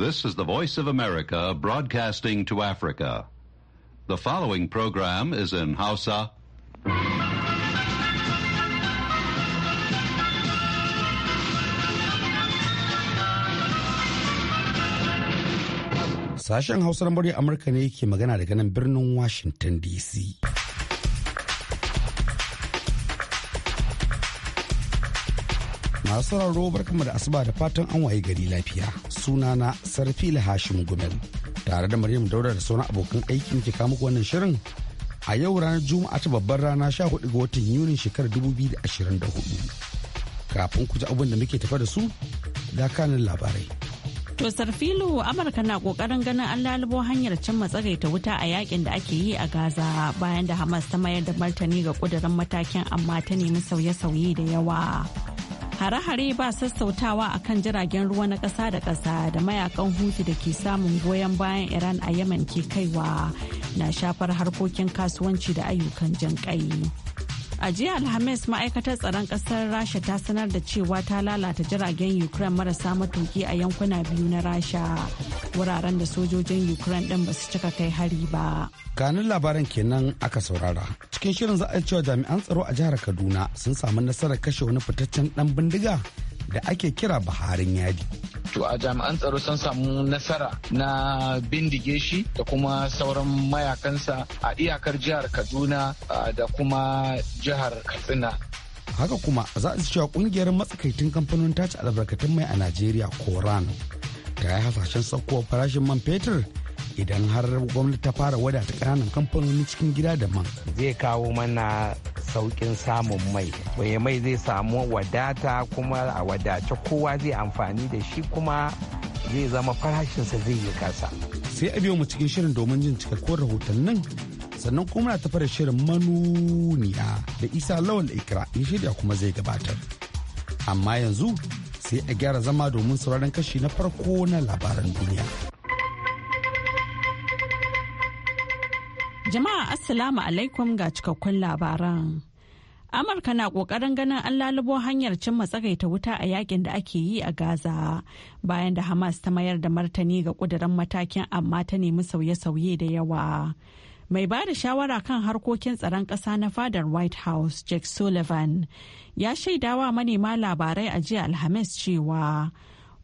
This is the Voice of America broadcasting to Africa. The following program is in Hausa. Sashen Hausar murya Amurka ne ke magana daga nan birnin Washington DC. masu sauraro barkama da asuba da fatan an waye gari lafiya sunana sarfi hashim gumel tare da maryam daura da sauran abokan aikin ke kamu wannan shirin a yau ranar juma'a ta babbar rana sha 14 ga watan yunin shekarar da 2024 kafin ku ji abin da muke tafa da su da kanin labarai to sarfilu amurka na kokarin ganin an lalubo hanyar cimma tsagaita wuta a yakin da ake yi a gaza bayan da hamas ta mayar da martani ga kudurin matakin amma ta nemi sauye-sauye da yawa hare-hare ba sassautawa a kan jiragen ruwa na ƙasa da ƙasa da mayakan hutu da ke samun goyon bayan iran a yaman ke kaiwa na shafar harkokin kasuwanci da ayyukan jinƙai. A jiya Alhamis ma'aikatar tsaron ƙasar Rasha ta sanar da cewa ta lalata jiragen Ukraine marasa matuki a yankuna biyu na Rasha wuraren da sojojin Ukraine ɗin ba su cika kai hari ba. kanun labaran kenan aka saurara. Cikin shirin za a cewa jami'an tsaro a jihar Kaduna sun samu nasarar kashe wani fitaccen ɗan bindiga da ake kira baharin yadi. To a jami'an tsaro sun samu nasara na bindige shi da kuma sauran mayakansa a iyakar jihar Kaduna da kuma jihar Katsina. Haka kuma za a cewa kungiyar matsakaitun kamfanin tace albarkatun mai a Najeriya Koran ta yi hasashen saukowar farashin man fetur idan har gwamnati ta fara wadata ƙananan kamfanoni cikin gida da man. Zai kawo mana saukin samun mai waye mai zai samu wadata kuma a wadace kowa zai amfani da shi kuma zai zama farashinsa zai yi kasa sai a biyo mu cikin shirin domin jin cikakkun nan sannan kuma na tafara shirin manuniya da isa lawal ikra ya shirya kuma zai gabatar amma yanzu sai a gyara zama domin sauraron kashi na farko na labaran duniya. Jama'a Assalamu alaikum ga cikakkun labaran. Amurka na ƙoƙarin ganin an lalubo hanyar cimma ta wuta a yakin da ake yi a Gaza bayan da Hamas ta mayar da martani ga ƙudurin matakin amma ta nemi sauye-sauye da yawa. Mai ba da shawara kan harkokin tsaron ƙasa na fadar White House, Jake Sullivan, ya shaidawa manema labarai a jiya Alhamis cewa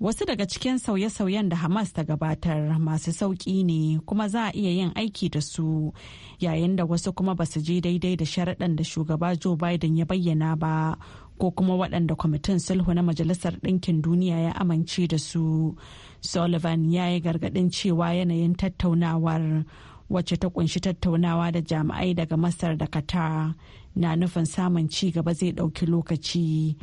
Wasu daga cikin sauye-sauyen da Hamas ta gabatar masu sauƙi ne kuma za a iya yin aiki da su yayin da wasu kuma ba su je daidai da sharaɗan da shugaba Joe Biden ya bayyana ba ko kuma waɗanda kwamitin sulhu na Majalisar Ɗinkin Duniya ya amince da su. Sullivan ya yi gargaɗin cewa yanayin tattaunawar wacce ta kunshi tattaunawa da jami'ai daga Masar da Qatar na nufin samun ci gaba zai ɗauki lokaci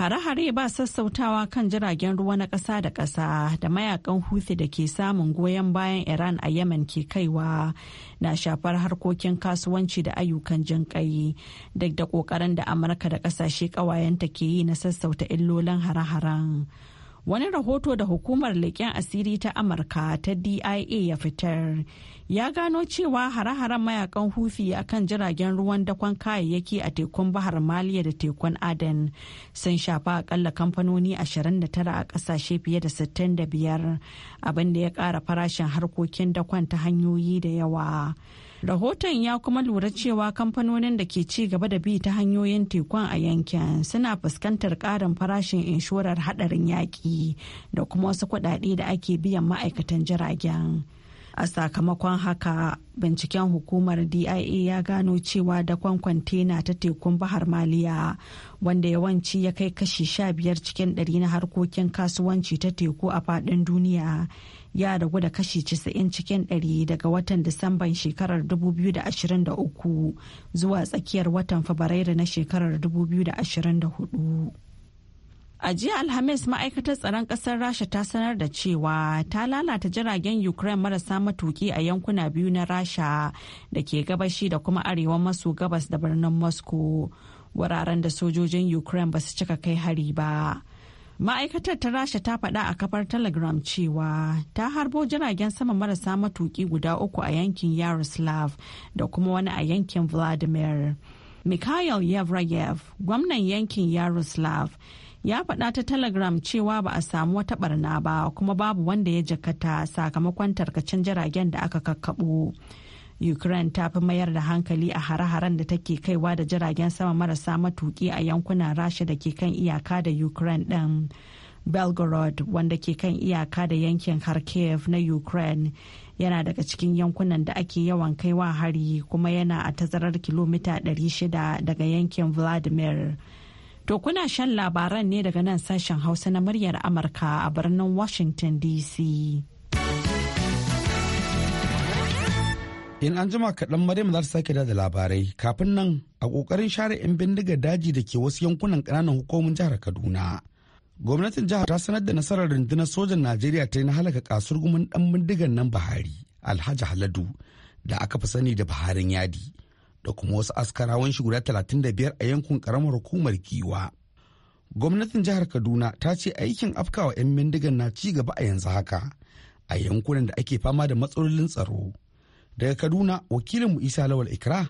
Hare-hare ba sassautawa kan jiragen ruwa na ƙasa da ƙasa da mayakan Houthi da ke samun goyon bayan Iran a Yemen ke kaiwa na shafar harkokin kasuwanci da ayyukan jinƙai duk da ƙoƙarin da Amurka da ƙasashe ƙawayenta ke yi na sassauta illolin hare-haren. wani rahoto da hukumar leƙen asiri ta amurka ta dia ya fitar ya gano cewa hare-haren mayakan hufi a kan jiragen ruwan dakon kayayyaki a tekun bahar maliya da tekun aden sun shafa akalla kamfanoni 29 a kasashe fiye da 65 abinda ya ƙara farashin harkokin dakon ta hanyoyi da yawa Rahoton ya kuma lura cewa kamfanonin da ke ci gaba da bi ta hanyoyin tekun a yankin suna fuskantar karin farashin inshorar hadarin yaƙi da kuma wasu kuɗaɗe da ake biyan ma'aikatan jiragen. a sakamakon haka binciken hukumar dia ya gano cewa dakon kwantena ta tekun bahar maliya wanda yawanci ya kai kashi 15 cikin 100 na harkokin kasuwanci ta teku a faɗin duniya ya ragu da kashi 90 cikin 100 daga watan Disamban shekarar 2023 zuwa tsakiyar watan Fabrairu na shekarar 2024. A jiya Alhamis ma'aikatar tsaron ƙasar Rasha ta sanar da cewa ta lalata jiragen Ukraine marasa matuki a yankuna biyu na Rasha da ke gabashi da kuma arewa maso gabas da birnin Moscow wuraren da sojojin Ukraine ba su cika kai hari ba. ma'aikatar ta rasha ta faɗa a kafar telegram cewa ta harbo jiragen sama marasa matuki guda uku a yankin yaroslav da kuma wani a yankin vladimir mikhail yevrayev gwamnan yankin yaroslav ya faɗa ta telegram cewa ba a samu wata barna ba kuma babu wanda ya jakata sakamakon tarkacen jiragen da aka kakkaɓo. ukraine ta fi mayar da hankali a hare-haren da take kaiwa da jiragen sama marasa matuki a yankunan rasha da ke kan iyaka da ukraine ɗin belgorod wanda ke kan iyaka da yankin kharkiv na ukraine yana daga cikin yankunan da ake yawan kaiwa hari kuma yana a tazarar kilomita 600 daga yankin vladimir to kuna shan labaran ne daga nan sashen hausa na muryar amurka a birnin washington dc in an jima kaɗan maryam za ta sake da labarai kafin nan a ƙoƙarin share 'yan bindigar daji da ke wasu yankunan ƙananan hukumomin jihar kaduna gwamnatin jihar ta sanar da nasarar rundunar sojan najeriya ta yi na halaka gumin ɗan bindigar nan bahari alhaji haladu da aka fi sani da baharin yadi da kuma wasu askarawan shi guda talatin da biyar a yankun ƙaramar hukumar giwa gwamnatin jihar kaduna ta ce aikin afkawa 'yan bindigan na ci gaba a yanzu haka a yankunan da ake fama da matsalolin tsaro daga kaduna wakilinmu isa lawal ikra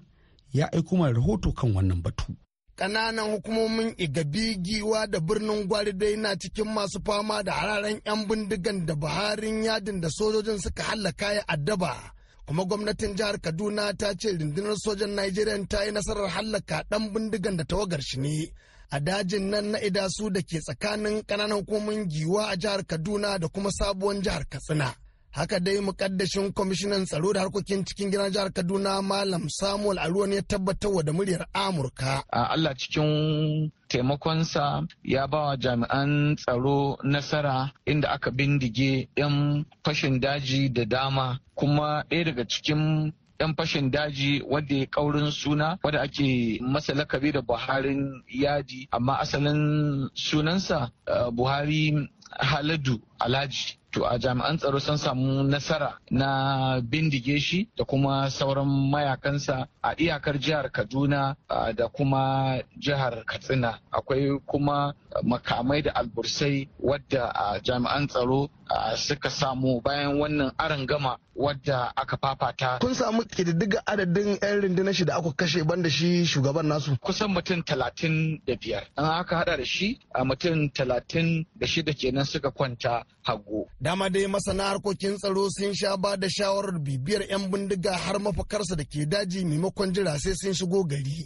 ya aiko mana rahoto kan wannan batu ƙananan hukumomin igabi giwa da birnin gwari dai na cikin masu fama da hararen 'yan bindigan da buharin yadin da sojojin suka hallaka ya addaba kuma gwamnatin jihar kaduna ta ce rundunar sojan nigeria ta yi nasarar hallaka ɗan bindigan da tawagar shi ne a dajin nan na idasu da ke tsakanin kananan hukumomin giwa a jihar kaduna da kuma sabuwar jihar katsina haka dai mukaddashin kwamishinan tsaro da harkokin cikin gidan jihar kaduna malam samuel aruwan ya tabbatar da muryar amurka a allah cikin taimakonsa ya ba wa jami'an tsaro nasara inda aka bindige 'yan fashin daji da dama kuma ɗaya daga cikin yan fashin daji wadda ya kaurin suna wadda ake masa lakabi da buharin yadi amma asalin sunansa eh, buhari haladu alhaji to a jami'an tsaro sun samu nasara na bindige shi da kuma sauran mayakansa a iyakar jihar kaduna da kuma jihar katsina akwai kuma makamai da albursai wadda a jami'an tsaro suka samu bayan wannan aron gama wadda aka fafata kun samu kididdiga adadin 'yan rundunar shi da aka kashe banda shi shugaban nasu kusan mutum talatin da biyar an aka hada da shi a mutum talatin da shida kenan nan suka kwanta hago. Dama dai masana harkokin tsaro sun sha ba da shawarar bibiyar 'yan bindiga har mafakarsa da ke daji maimakon jira sai sun shigo gari.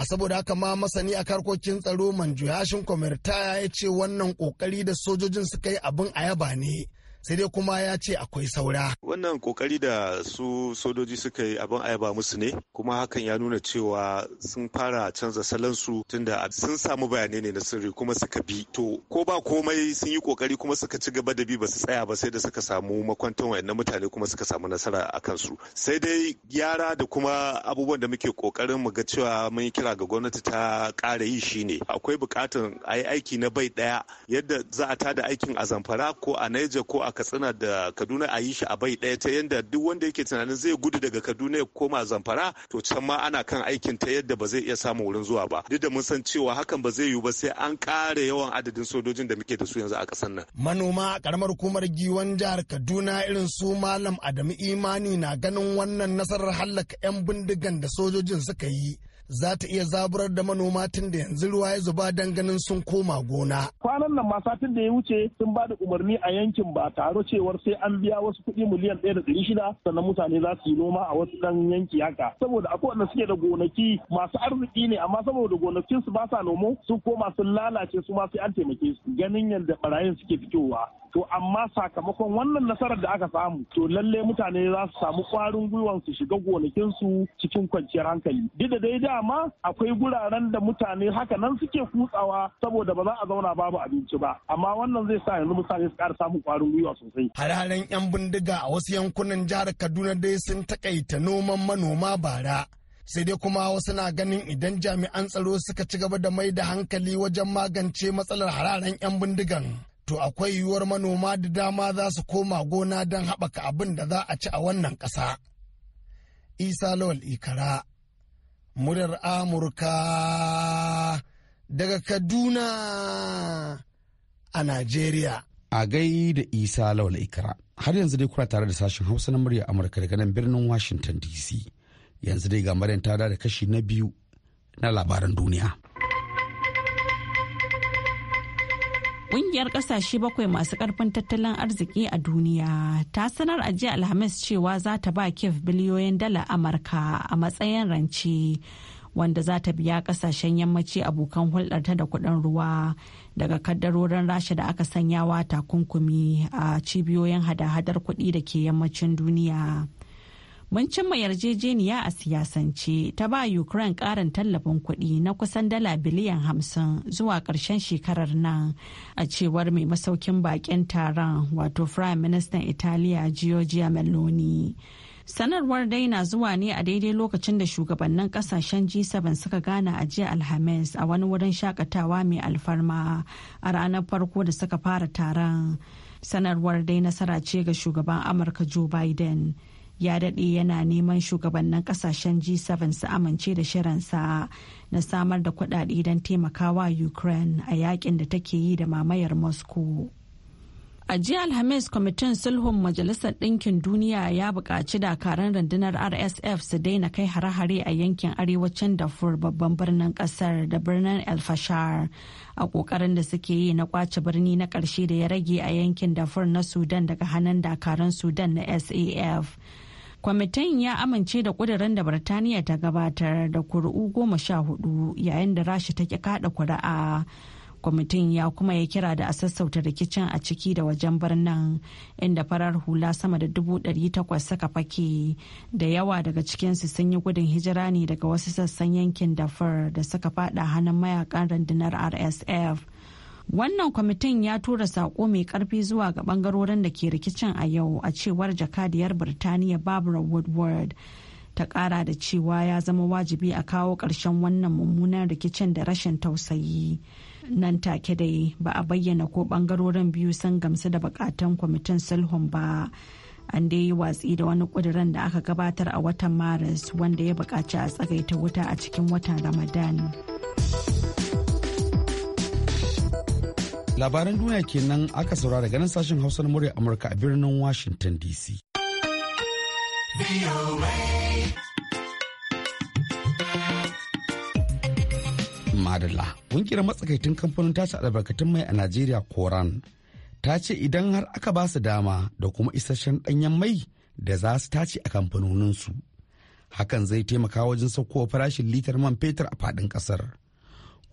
A saboda haka ma masani a harkokin tsaro manjo yashin kwamirtaya ya ce wannan kokari da sojojin suka yi abin a yaba ne. sai dai kuma ya ce akwai saura. Wannan kokari da su sojoji suka yi abin ayaba musu ne kuma hakan ya nuna cewa sun fara canza salansu tunda sun samu bayanai ne na sirri kuma suka bi. To ko ba komai sun yi kokari kuma suka ci gaba da bi ba su tsaya ba sai da suka samu makwantan na mutane kuma suka samu nasara a kansu. Sai dai gyara da kuma abubuwan da muke kokarin mu ga cewa mun yi kira ga gwamnati ta ƙara yi shi ne. akwai buƙatar a yi aiki na bai ɗaya yadda za a tada aikin a zamfara ko a Niger ko a katsina da kaduna a yi shi a bai ɗaya ta yadda duk wanda yake tunanin zai gudu daga kaduna ya koma zamfara to can ma ana kan aikin ta yadda ba zai iya samun wurin zuwa ba duk da mun san cewa hakan ba zai yiwu ba sai an ƙara yawan adadin sojojin da muke da su yanzu a ƙasar nan. manoma a karamar hukumar giwon jihar kaduna irin su malam adamu imani na ganin wannan nasarar hallaka 'yan bindigan da sojojin suka yi za ta iya zaburar da manoma tun da yanzu ruwa ya zuba don ganin sun koma gona. Kwanan nan ma satin da ya wuce sun ba da umarni a yankin ba taro cewar sai an biya wasu kuɗi miliyan ɗaya da ɗari shida sannan mutane za su yi noma a wasu ɗan yanki haka. Saboda akwai wanda suke da gonaki masu arziki ne amma saboda gonakin su ba sa nomo sun koma sun lalace su ma sai an taimake su ganin yadda barayin suke fitowa. to amma sakamakon wannan nasarar da aka samu to lalle mutane za su samu kwarin gwiwan su shiga gonakin su cikin kwanciyar hankali duk da dai dama akwai guraren da mutane haka nan suke kutsawa saboda ba za a zauna babu abinci ba amma wannan zai sa yanzu mutane su ƙara samun kwarin gwiwa sosai hare yan bindiga a wasu yankunan jihar Kaduna dai sun takaita noman manoma bara sai dai kuma wasu na ganin idan jami'an tsaro suka ci gaba da mai da hankali wajen magance matsalar hararen 'yan bindigan to akwai yiwuwar manoma da dama za su koma gona don haɓaka abin da za a ci a wannan ƙasa. Isa Lawal Ikara, muryar Amurka daga Kaduna a Najeriya. A gai da Isa Lawal Ikara, har yanzu dai kuna tare da sashen Hausa na muryar Amurka daga nan birnin Washington DC. Yanzu dai ga ta da kashi na biyu na labaran duniya. Ƙungiyar ƙasashe bakwai masu ƙarfin tattalin arziki a duniya ta sanar a jiya Alhamis cewa za ta ba kef biliyoyin dala Amurka a matsayin rance wanda za ta biya ƙasashen yammaci abokan hulɗar ta da kuɗin ruwa daga kaddarorin rasha da aka sanyawa takunkumi a cibiyoyin hada-hadar kuɗi da ke yammacin duniya. mun cimma yarjejeniya a siyasance ta ba ukraine karin tallafin kuɗi na kusan dala biliyan hamsin zuwa ƙarshen shekarar nan a cewar mai masaukin baƙin taron wato prime minister italiya giorgia meloni sanarwar dai na zuwa ne a daidai lokacin da shugabannin kasashen g7 suka gana a jiya alhamis a wani wurin shakatawa mai alfarma a ranar farko da suka fara taron sanarwar dai nasara ce ga shugaban amurka joe biden ya daɗe yana neman shugabannin kasashen G7 su amince da shirinsa na samar da kuɗaɗe don taimakawa Ukraine a yakin da take yi da mamayar Moscow. A jiya Alhamis kwamitin sulhun Majalisar Ɗinkin Duniya ya bukaci dakaran rundunar RSF su daina kai hare-hare a yankin arewacin Darfur babban birnin ƙasar da birnin El a ƙoƙarin da suke yi na kwace birni na ƙarshe da ya rage a yankin Darfur na Sudan daga hannun dakaran Sudan na SAF. kwamitin ya amince da kudirin da birtaniya ta gabatar da kuri'u goma sha hudu yayin da rasha ta ki kada kuri'a kwamitin ya kuma ya kira da a sassauta rikicin a ciki da wajen birnin inda farar hula sama da dubu ɗari takwas saka fake da yawa daga cikinsu sun yi gudun hijira ne daga wasu sassan yankin dafar da suka fada hannun mayakan rundunar rsf wannan kwamitin ya tura sako mai karfi zuwa ga bangarorin da ke rikicin a yau a cewar jakadiyar birtaniya barbara woodward ta kara da cewa ya zama wajibi a kawo ƙarshen wannan mummunan rikicin da rashin tausayi nan take dai ba a bayyana ko bangarorin biyu sun gamsu da bukatan kwamitin sulhun ba an dai yi watsi da wani ƙudiran da aka gabatar a watan maris wanda ya buƙaci a tsagaita wuta a cikin watan ramadan labaran duniya kenan aka saura daga nan sashen hausa na murya amurka a birnin washington dc madalla kungiyar matsakaitun kamfanin tace albarkatun mai a najeriya koran ta ce idan har aka ba su dama da kuma isasshen danyen mai da za su tace a kamfanoninsu hakan zai taimaka wajen saukowa farashin litar man fetur a fadin kasar.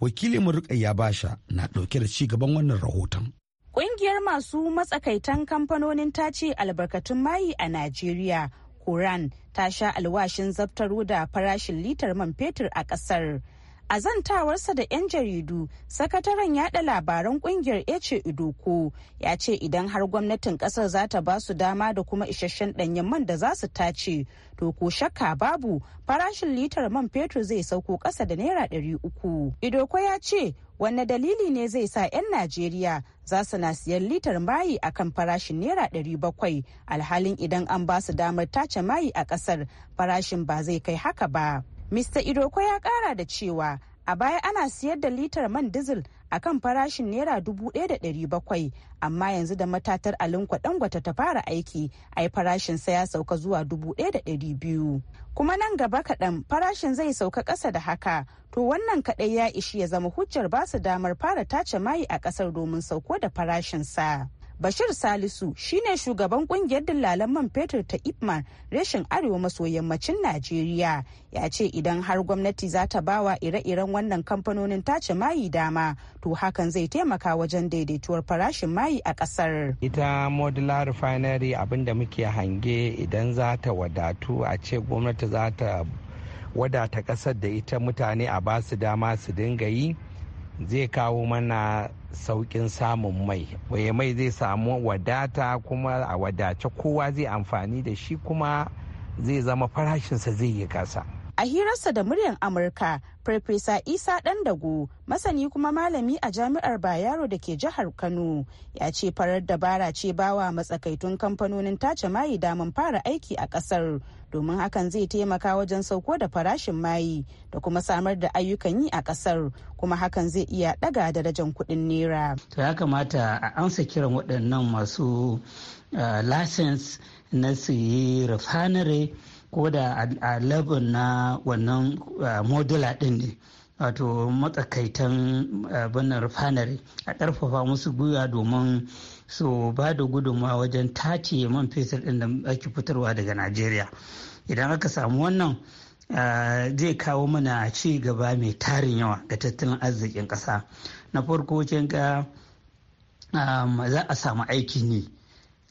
wakilin ya Basha na ɗauke da ci gaban wannan rahoton. Ƙungiyar masu matsakaitan kamfanonin tace albarkatun mayi a Najeriya, Koran, ta sha alwashin zabtaro da farashin litar man fetur a ƙasar. a zantawarsa da 'yan jaridu sakataren yada labaran kungiyar ece idoko ya ce idan har gwamnatin kasar za ta ba su dama da kuma isasshen ɗanyen man da za su tace to ko shakka babu farashin litar man fetur zai sauko ƙasa da naira ɗari uku idoko ya ce wanne dalili ne zai sa 'yan najeriya za su na siyan litar mayi a kan farashin naira bakwai alhalin idan an ba su damar tace mayi a ƙasar farashin ba zai kai haka ba Mr. Idoko ya kara da cewa a baya ana siyar da litar man dizil a kan farashin naira dubu ɗaya da ɗari bakwai amma yanzu da matatar alin dangwata ta fara aiki ai farashin sa ya sauka zuwa dubu ɗaya da ɗari biyu kuma nan gaba kaɗan farashin zai sauka ƙasa da haka to wannan kaɗai ya ishi ya zama hujjar basu damar fara tace mayi a ƙasar domin sauko da farashin sa Bashir Salisu shine shugaban kungiyar dillalan man fetur ta Ipman reshen Arewa maso yammacin Najeriya ya ce idan har gwamnati za ta bawa ire-iren wannan kamfanonin tace mayi dama to hakan zai taimaka wajen daidaituwar farashin mayi a kasar. Ita modular refinery abinda muke hange idan za ta wadatu a ce gwamnati za ta wadata kasar da ita mutane a basu dama su dinga yi. zai kawo mana sauƙin samun mai waye mai zai samu wadata kuma a wadace kowa zai amfani da shi kuma zai zama farashinsa zai yi kasa A hirarsa da muryar Amurka, Farfesa Isa Dandago, masani kuma malami a jami'ar Bayero da ke jihar Kano, ya ce farar dabara ce bawa matsakaitun kamfanonin tace mayi daman fara aiki a ƙasar, domin hakan zai taimaka wajen sauko da farashin mayi da kuma samar da ayyukan yi a ƙasar, kuma hakan zai iya ɗaga darajar kuɗin nera. To ya kamata a amsa kiran waɗannan masu eh, lasens na su yi refinery ko da a level na wannan modula din ne wato matsakaitan banar refinery a ƙarfafa musu gwiwa domin su ba da gudunmawa wajen tace man fetur ɗin da ake fitarwa daga najeriya idan aka samu wannan zai kawo mana ci gaba mai tarin yawa ga tattalin arzikin ƙasa na farko ga za a samu aikin ni.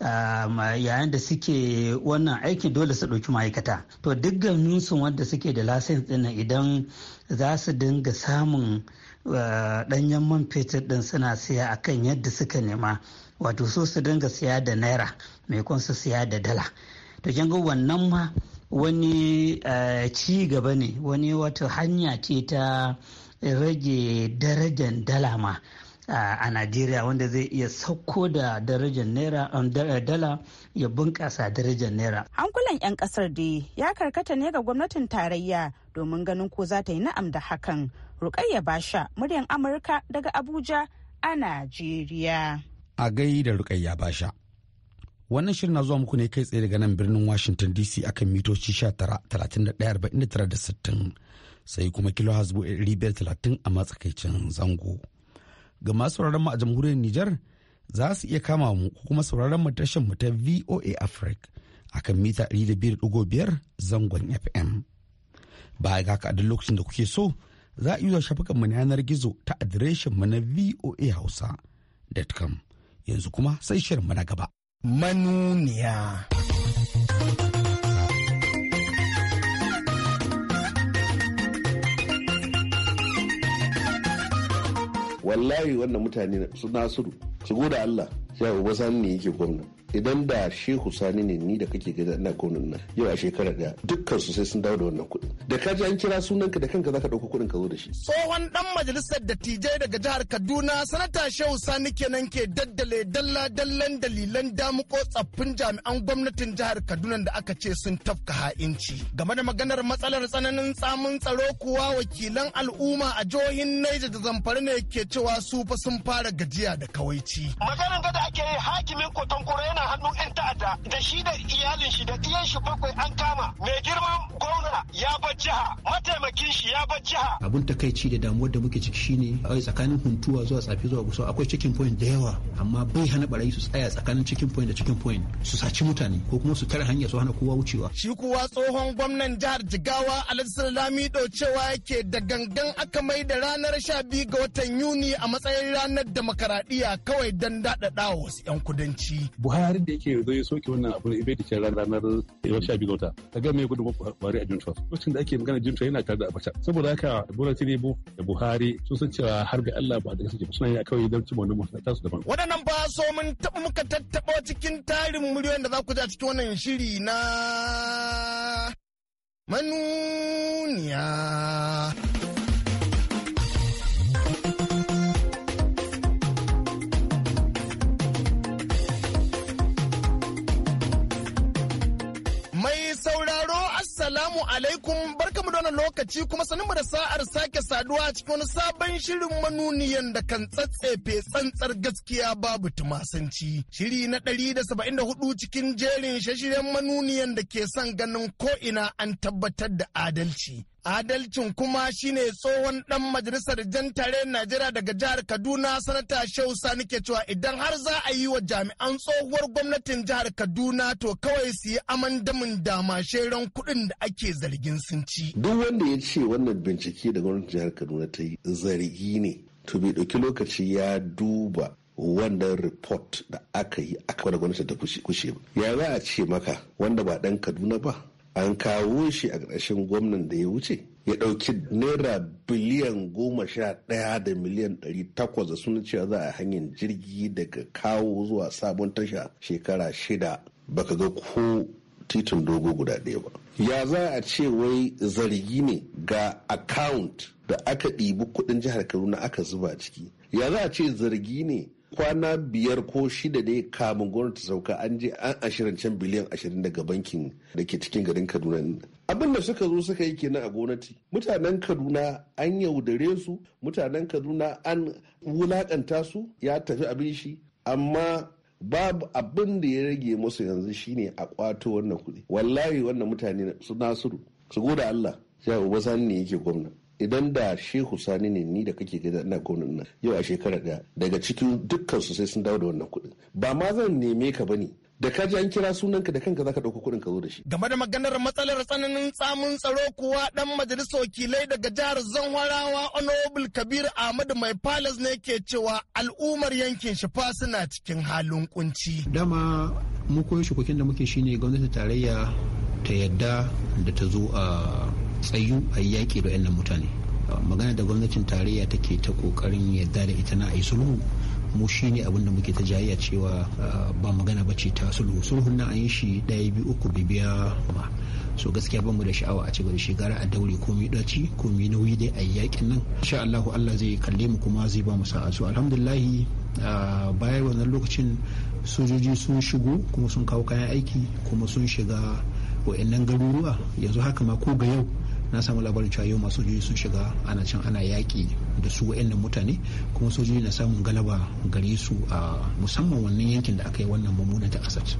yayin da suke wannan aikin dole su ɗauki ma'aikata to dukkanin su wanda suke da lasens ɗin idan za su dinga samun uh, ɗanyen man fetur ɗin suna siya akan yadda suka nema wato so su dinga siya da naira mai su siya da dala to kin ga wannan ma wani uh, ci gaba ne wani wata hanya ce ta rage darajan dala ma a najeriya wanda zai iya sauko da darajar naira um, eh, dala ya bunƙasa darajar naira hankulan 'yan ƙasar da ya karkata ne ga gwamnatin tarayya domin ganin ko za ta yi na'am da hakan rukayya basha muryan amurka daga abuja a najeriya a gai da rukayya basha wannan shirin na zuwa muku ne kai tsaye daga nan birnin washington dc akan mitoci 19 sai kuma kilo hasbu 530 a matsakaicin zango ga masu sauraron mu a jamhuriyar Nijar za su iya kama mu ko kuma sauraron mu tashar mu ta VOA Africa akan mita 200.5 zangon FM. Baya ga ka a duk lokacin da kuke so za a iya shafukan mu na yanar gizo ta adireshin mu na voahausa.com yanzu kuma sai shirin mu na gaba. Manuniya. wallahi wannan mutane su nasiru shigo da allah sha uba sani ne yake gwamna idan da shehu sani ne ni da kake gida ina gonin nan yau a shekara daya dukkan su sai sun dawo da wannan kuɗi da ka ji an kira sunanka da kanka zaka ɗauko kuɗin ka zo da shi. tsohon dan majalisar dattijai daga jihar kaduna sanata shehu sani kenan ke daddale dalla dallan dalilan damuko tsaffin jami'an gwamnatin jihar kaduna da aka ce sun tafka ha'inci game da maganar matsalar tsananin tsamin tsaro kuwa wakilan al'umma a jihohin Niger da Zamfara ne ke cewa su fa sun fara gajiya da kawaici. Maganar da ake yi hakimin kotankura yana yana hannun 'yan ta'adda da shi da iyalin shi da iyan shi bakwai an kama mai girman gwamna ya bar jiha mataimakin shi ya bar jiha abun takaici da damuwar da muke ciki shine a tsakanin huntuwa zuwa tsafi zuwa gusau akwai chicken point da yawa amma bai hana barayi su tsaya tsakanin chicken point da chicken point su saci mutane ko kuma su tare hanya su hana kowa wucewa shi kuwa tsohon gwamnan jihar jigawa alhassan lamido cewa yake da gangan aka mai da ranar sha biyu ga watan yuni a matsayin ranar demokaradiyya kawai don daɗaɗa wasu 'yan kudanci buhari har da yake zai ya soke wannan abu ibe da ranar ranar yawar sha gauta ta ga mai gudun buhari a junta lokacin da ake magana junta yana kada da abacha saboda haka bola tinubu da buhari sun san cewa har da allah ba da suke suna yi a kawai don cimma wani masu tasu daban. waɗannan ba so mun muka tattaba cikin tarin miliyoyin da za ku ja cikin wannan shiri na manuniya. lokaci kuma sanin mu da sa'ar sake saduwa cikin wani sabon shirin manuniyan da kan tsatsefe tsantsar gaskiya babu tumasanci. Shiri na ɗari da saba'in da hudu cikin jerin shashiren manuniyan da ke son ganin ko'ina an tabbatar da adalci. Adalcin kuma shine tsohon dan majalisar jan tare Najeriya daga jihar Kaduna sanata Shehu Sani ke cewa idan har za a yi wa jami'an tsohuwar gwamnatin jihar Kaduna to kawai su yi aman damin damashe ran kuɗin da ake zargin sun ci. Duk wanda ya ce wannan bincike da gwamnatin jihar Kaduna ta yi zargi ne to bai ɗauki lokaci ya duba wannan report da aka yi aka wani gwamnati ta kushe ba ya za a ce maka wanda ba dan Kaduna ba an kawo shi a ƙarshen gwamnan da ya wuce ya ɗauki naira biliyan goma sha ɗaya da miliyan ɗari takwas da suna cewa za a hanyar jirgi daga kawo zuwa sabon tasha shekara shida baka ga ko titin dogo guda ɗaya ba ya za a ce wai zargi ne ga account da aka ɗibi kuɗin jihar kaduna aka zuba ciki ya za a ce zargi ne kwana biyar ko shida ne kamun gwamnati sauka an je an ashirancen biliyan ashirin daga bankin da ke cikin garin kaduna abin da suka zo suka yi kenan a gwamnati mutanen kaduna an yaudare su mutanen kaduna an wulakanta su ya tafi abin shi amma babu abin da ya rage musu yanzu shine a kwato wannan kuɗi wallahi wannan mutane su nasiru su goda allah sai sani ne yake gwamna idan da shehu sani ne ni da kake gida ina gonar nan yau a shekara daya daga cikin dukkan su sai sun dawo da wannan kuɗin ba ma zan neme ka bane da ka ji an kira sunanka da kanka zaka ɗauki kuɗin ka zo da shi. Game da maganar matsalar tsananin tsamin tsaro kuwa dan majalisar wakilai daga jihar Zanwarawa Honorable Kabir Ahmad Mai Palace ne ke cewa al'ummar yankin shi fa suna cikin halin kunci. Dama mu shi kokin da muke shine gwamnatin tarayya ta yadda da ta zo a tsayu a yaƙi da yan mutane magana da gwamnatin tarayya take ta kokarin yadda da ita na a yi sulhu mu shi ne abinda muke ta jayayya cewa ba magana bace ta sulhu sulhun na an yi shi ɗaya biyu uku bibiya ma so gaskiya ban mu da sha'awa a ci gaba da gara a daure ko komai ɗaci komai nauyi dai a yaƙin nan insha Allahu Allah zai kalle mu kuma zai ba mu sa'a so alhamdulillahi bayan wannan lokacin sojoji sun shigo kuma sun kawo kayan aiki kuma sun shiga wa'annan garuruwa yanzu haka ma ko ga yau na samu labarin cewa yau masu sojoji sun shiga ana can ana yaƙi da su wa'annan mutane kuma sojoji na samun galaba gare su a musamman wannan yankin da aka yi wannan mummunan ta asat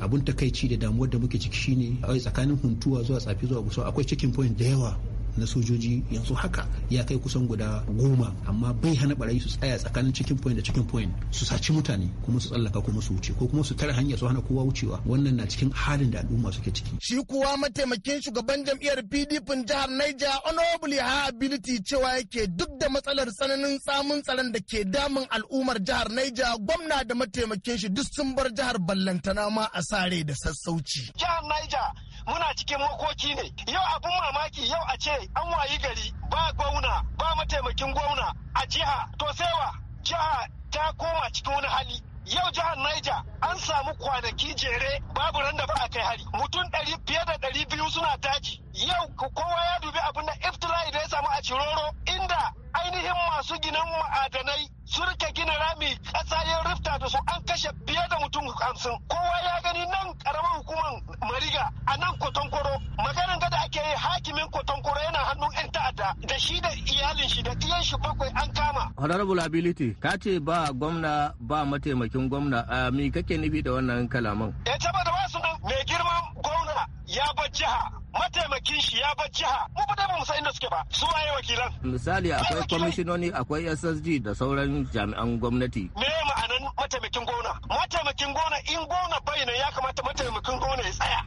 abun takaici da damuwar da muke ciki shine tsakanin huntuwa zuwa tsafi zuwa gusa akwai cikin point da yawa na sojoji yanzu haka ya kai kusan guda goma amma bai hana barayi su tsaya tsakanin cikin point da cikin point su saci mutane kuma su tsallaka kuma su wuce ko kuma su tare hanya su hana kowa wucewa wannan na cikin halin da al'umma suke ciki. Shi kuwa mataimakin shugaban jam'iyyar PDP jihar Naija, Honorable ha ability cewa yake duk da matsalar tsananin samun tsaron da ke damun al'ummar jihar Naija, gwamna da mataimakin shi duk sun bar jihar ballantana ma a sare da sassauci. Jihar Naija. muna cikin makoki ne yau abin mamaki yau a ce an wayi gari ba gwauna ba mataimakin gwauna a jiha to wa jiha ta koma cikin wani hali yau jihar Niger an samu kwanaki jere babu ran da ba a kai hari mutum ɗari fiye da ɗari biyu suna daji yau kowa ya dubi abin da iftila'i da ya samu a ciroro inda ainihin masu ginin ma'adanai sun rika gina rami ƙasa ya rufta da su an kashe biya da mutum hamsin kowa ya gani nan karamar hukumar mariga a nan kotonkoro maganin da ake yi hakimin kotonkoro yana hannun yan ta'adda da shi da iyalin shi da iyan shi bakwai an kama. honorable ability ka ce ba gwamna ba mataimakin gwamna a mi kake nufi da wannan kalaman. ya eh, taba da nan mai girman gwamna ya bar jiha mataimakin shi ya bar jiha mu ba mu san inda suke ba su waye wakilan misali akwai kwamishinoni akwai SSG da sauran jami'an gwamnati me ma'anan mataimakin gona mataimakin gona in gona bai ne ya kamata mataimakin gona ya tsaya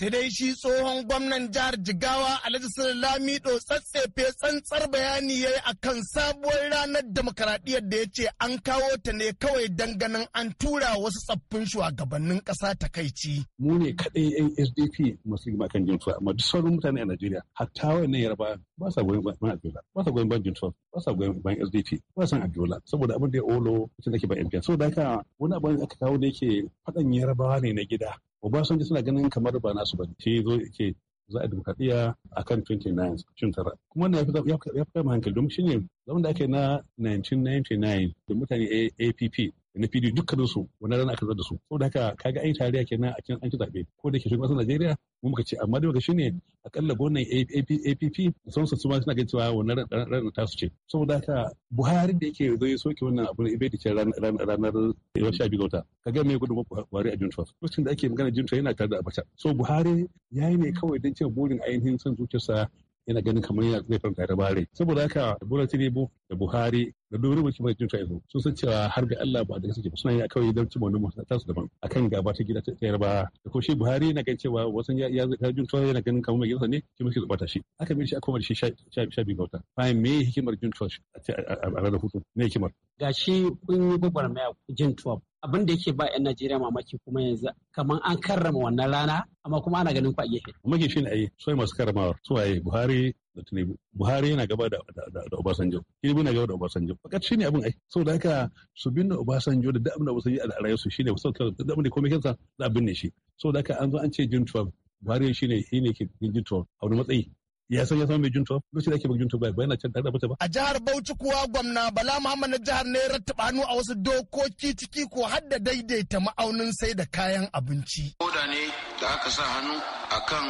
sai dai shi tsohon gwamnan jihar jigawa alhaji lamido tsatsefe tsantsar bayani ya yi a sabuwar ranar demokaradiyyar da ya ce an kawo ta ne kawai danganin an tura wasu tsaffin shugabannin kai takaici. mu ne kaɗai yan sdp masu yi jin jintuwa amma duk sauran mutane a najeriya hatta wannan yarba ba sa goyon ban abiola ba sa goyon ban jintuwa ba sa goyon ban sdp ba sa abiola saboda abin da ya olo mutum da ke ba mp saboda haka wani abin da aka kawo da yake faɗan yarbawa ne na gida Obasanjo suna ganin kamar ba nasu ba ce zo ke za a demokradiyya a kan 29 cin tara. Kuma na ya fi kama hankali domin shi ne zaman da ake na 1999 da mutane APP na PDP dukkanin su wannan rana aka zo da su saboda haka kaga ai tarayya kenan a cikin an ci zabe ko da ke shugaban Najeriya mu muka ce amma dai muka shine akalla gonan APP sun su suma suna ga cewa wannan ranar su ce saboda haka Buhari da yake zai soke wannan abu ne bai dace ranar yau sha biyu gauta kaga mai gudun Buhari a June 12 lokacin da ake magana June 12 yana tare da Abacha so Buhari yayi ne kawai don cewa burin ainihin son zuciyarsa yana ganin kamar yana zai farka da bare saboda haka bola tinubu da buhari da dole mace mai jin faizo sun san cewa har ga Allah ba da suke suna yi kawai don cimma wani mutum tasu daban akan gaba ta gida ta tsayar ba da ko shi Buhari na gan cewa wasan ya ya jin tuwa yana ganin kamar mai gidansa ne shi muke zubata shi aka mai shi aka mai shi sha biyu ga wata bayan me hikimar jin tuwa a ranar hutu ne hikimar ga shi kun yi mai jin tuwa abin da yake ba 'yan Najeriya mamaki kuma yanzu kamar an karrama wannan rana amma kuma ana ganin ku a gefe. Mamaki shi ne a yi, masu karramawa, su waye Buhari da Tinubu Buhari yana gaba da da Obasanjo Tinubu yana gaba da Obasanjo fakat shine abin ai da haka su binne Obasanjo da dabin da Obasanjo a rayuwar su shine So da dabin da komai kansa za a binne shi da haka an zo an ce June 12 Buhari shine shine ke June 12 a wani matsayi ya san ya san mai junto lokacin da ake mai junto ba yana can tare da ba a jihar Bauchi kuwa gwamna Bala Muhammad na jihar ne rattaba hannu a wasu dokoki ciki ko har da daidaita ma'aunin sai da kayan abinci koda ne da aka sa hannu akan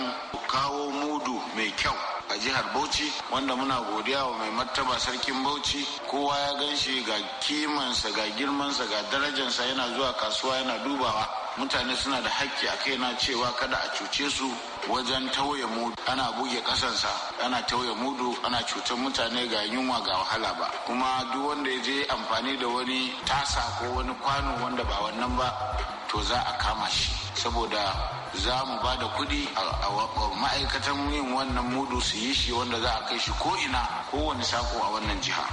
kawo mudu mai kyau a jihar Bauchi wanda muna godiya wa mai martaba sarkin Bauchi kowa ya gan shi ga kimansa ga girmansa ga darajansa yana zuwa kasuwa yana dubawa mutane suna da hakki a kai na cewa kada a cuce su wajen tauye mudu ana buge kasansa ana tauye mudu ana cutar mutane ga yunwa ga wahala ba kuma duk wanda ya je amfani da wani tasa ko wani kwano wanda ba wannan ba to za a kama shi saboda za mu ba da kuɗi a ma'aikatan yin wannan mudu su yi shi wanda za a kai shi ko ina kowane sako a wannan jiha.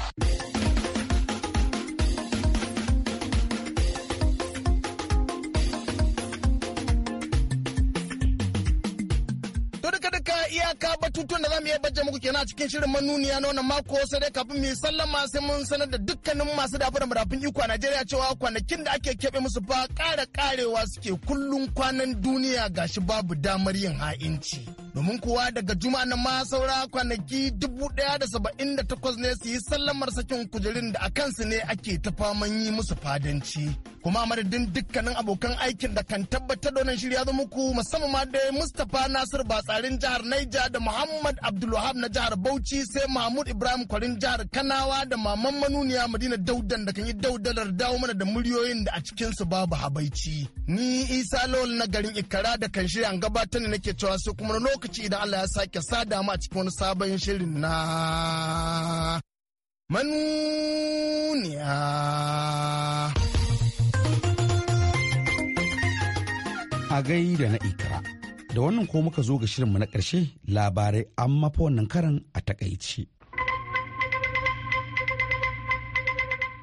To duka iyaka batutun da za mu iya bajje muku kenan a cikin shirin manuniya na wannan mako sai dai kafin mu sallama sai mun sanar da dukkanin masu dafa da iko a Najeriya cewa kwanakin da ake keɓe musu ba ƙara ƙarewa suke kullun kwanan duniya gashi babu damar yin ha'inci. Domin kuwa daga juma na ma saura kwanaki dubu ɗaya da saba'in da takwas ne su yi sallamar sakin kujerun da a kansu ne ake ta faman yi musu fadanci. Kuma madadin dukkanin abokan aikin da kan tabbatar da wannan shirya zo muku musamman ma dai Mustapha Nasir tsarin jihar Niger da Muhammad Abdulwahab na jihar Bauchi sai Mahmud Ibrahim Kwarin jihar Kanawa da Maman Manuniya Madina Daudan da kan yi daudalar dawo mana da muryoyin da a cikinsu babu habaici. Ni Isa Lawal na garin Ikara da kan shirya gabatar ne nake cewa sai kuma lokaci idan Allah ya sake sada mu a cikin wani sabon shirin na manuniya. A gaida na Ikara. da wannan ko muka zo ga shirinmu na ƙarshe labarai an mafa wannan karan a takaice.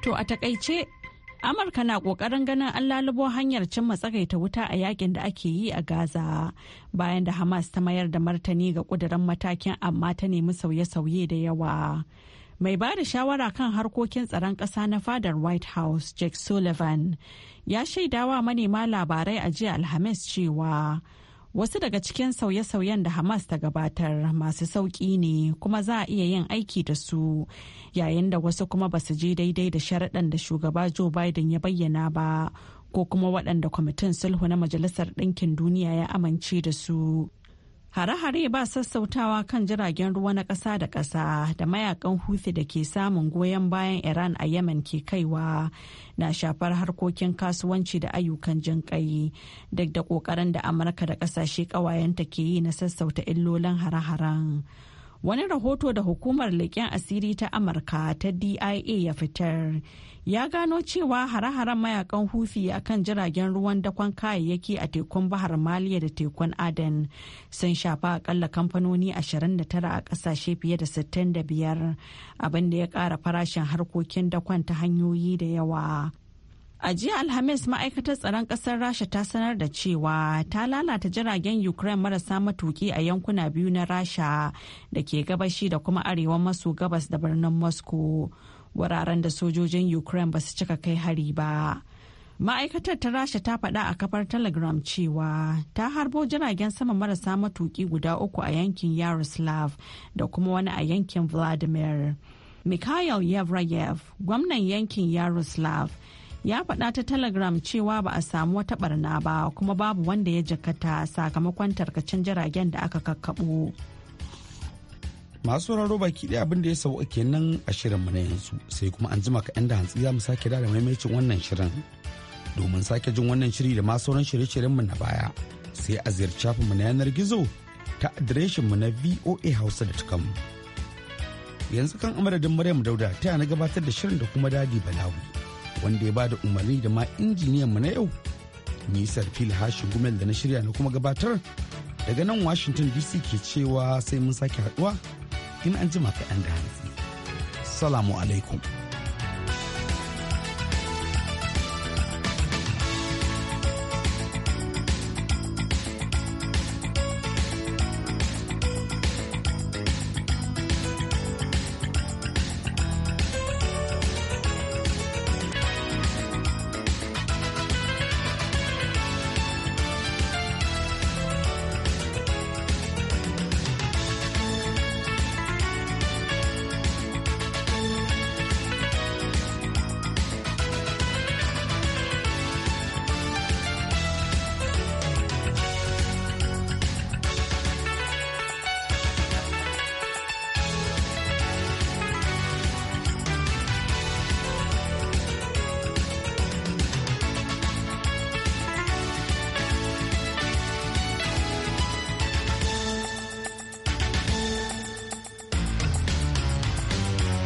To a takaice Amurka na ƙoƙarin ganin an lalubo hanyar cimma ta wuta a yakin da ake yi a Gaza bayan da Hamas ta mayar da martani ga kuduran matakin amma ta nemi sauye-sauye da yawa. Mai ba da shawara kan harkokin tsaron ƙasa na fadar White House, Jake Sullivan, ya shaidawa manema labarai a jiya Alhamis cewa Wasu daga cikin sauye-sauyen da Hamas ta gabatar masu sauƙi ne kuma za a iya yin aiki da su yayin da wasu kuma ba su je daidai da sharaɗan da shugaba Joe Biden ya bayyana ba ko kuma waɗanda kwamitin sulhu na Majalisar Ɗinkin Duniya ya amince da su. Hare-hare ba sassautawa kan jiragen ruwa na ƙasa da ƙasa da mayakan Houthi da ke samun goyon bayan Iran a Yemen ke kaiwa na shafar harkokin kasuwanci da ayyukan jinƙai duk da ƙoƙarin da Amurka da ƙasashe ƙawayenta ke yi na sassauta illolin hare-haren. wani rahoto da hukumar leƙen asiri ta amurka ta dia ya fitar ya gano cewa hare-haren mayakan hufi a kan jiragen ruwan dakon kayayyaki a tekun bahar maliya da tekun aden sun shafa akalla kamfanoni 29 a ƙasashe fiye da 65 abinda ya ƙara farashin harkokin dakon ta hanyoyi da yawa A jiya Alhamis ma'aikatar tsaron ƙasar Rasha ta sanar da cewa ta lalata jiragen Ukraine marasa matuki a yankuna biyu na Rasha da ke gabashi da kuma arewa maso gabas da birnin Moscow wuraren da sojojin Ukraine ba su cika kai hari ba. Ma'aikatar ta Rasha ta faɗa a kafar Telegram cewa ta harbo jiragen sama marasa matuki guda uku a yankin Yaroslav da kuma wani a yankin Vladimir. Mikhail Yevrayev, gwamnan yankin Yaroslav, ya faɗa ta telegram cewa ba a samu wata barna ba kuma babu wanda ya jakata sakamakon tarkacin jiragen da aka kakkaɓo. masu sauraro baki ɗaya abin da ya sauka kenan a shirinmu na yanzu sai kuma an jima ka 'yan da hantsi za mu sake da maimaicin wannan shirin domin sake jin wannan shiri da masu sauran shirye-shiryenmu na baya sai a ziyarci mu na yanar gizo ta adireshinmu na VOA Hausa da tukan yanzu kan amadadin maryam dauda ta na gabatar da shirin da kuma dadi balawi wanda ya ba da umarni da ma injiniyan mu na yau ni fil hashin gumel da na shirya na kuma gabatar daga nan washington dc ke cewa sai mun sake haduwa in an jima kaɗan da hantsi salamu alaikum